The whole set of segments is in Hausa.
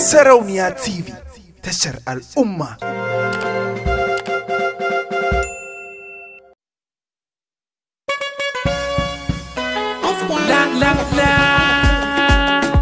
Sarauniya TV tashar al'umma. La la la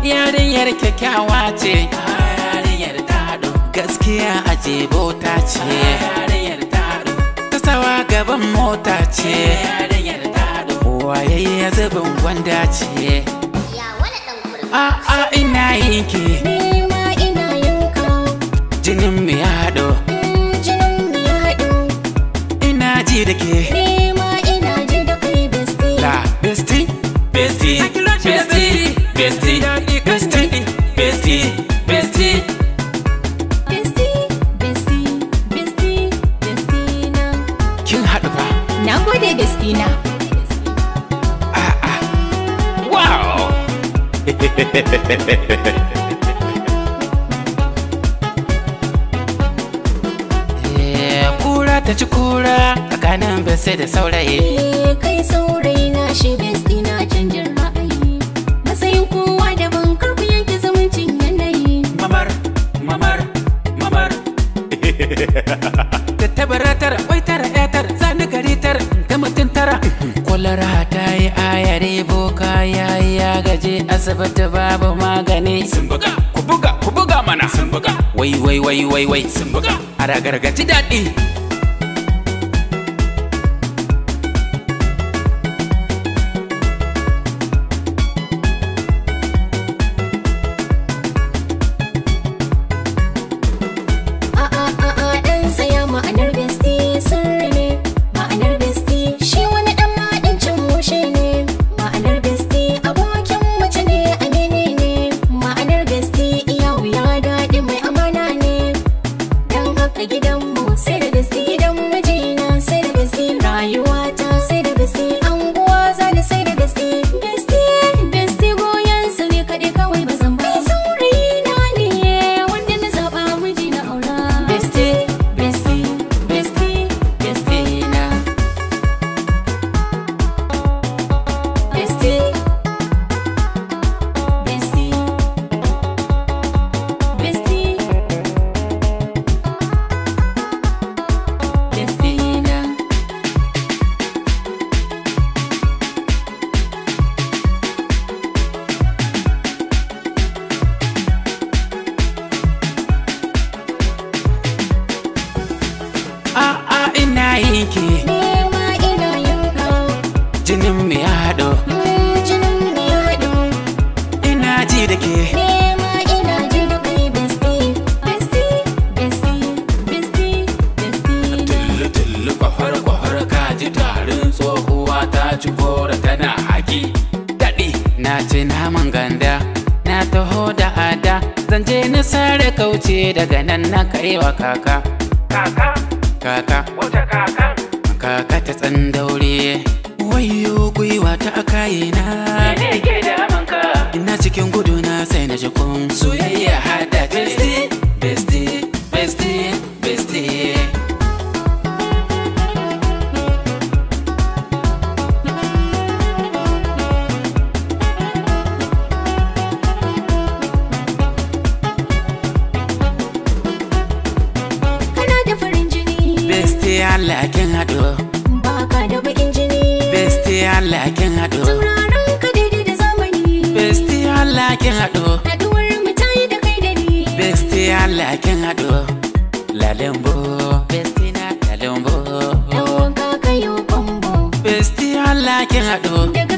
yarinyar kyakkyawa ce. Yarinyar taɗo gaskiya a ta ce. Yarinyar taɗo tasawa gaban mota ce. Yarinyar taɗo waye ya zubin gwanda ce. Ya wani ɗan kurma. A'a ina yinki. Bestie, bestie, Na gode bestina. Eh, kura ta ci kura tsakanin bese da saurayi. da tabara tara wai tara ya tara ni gari tara ga mutum tara kwalara ta yi ayare boka ya yi ya gaje asibiti babu magani sun buga ku buga ku buga mana sun buga wai wai wai wai wai sun buga a ragargaji daɗi na ci gora tana haki daɗi na ci naman ganda na taho da ada zan je na sare kauce daga nan na kaiwa kaka kaka kaka wata kaka kaka ta tsan daure wayo gwiwa ta akaye na ne ke da manka ina cikin gudu na sai na ji kun soyayya hada ta Besti haɗo. Baka da bakin jini. Besti haɗo. ka daidai da zamani. Besti Allah haɗo. Haɗuwar mu ta yi da kai da ni. Besti Besti na Ɗan wanka Besti haɗo. Daga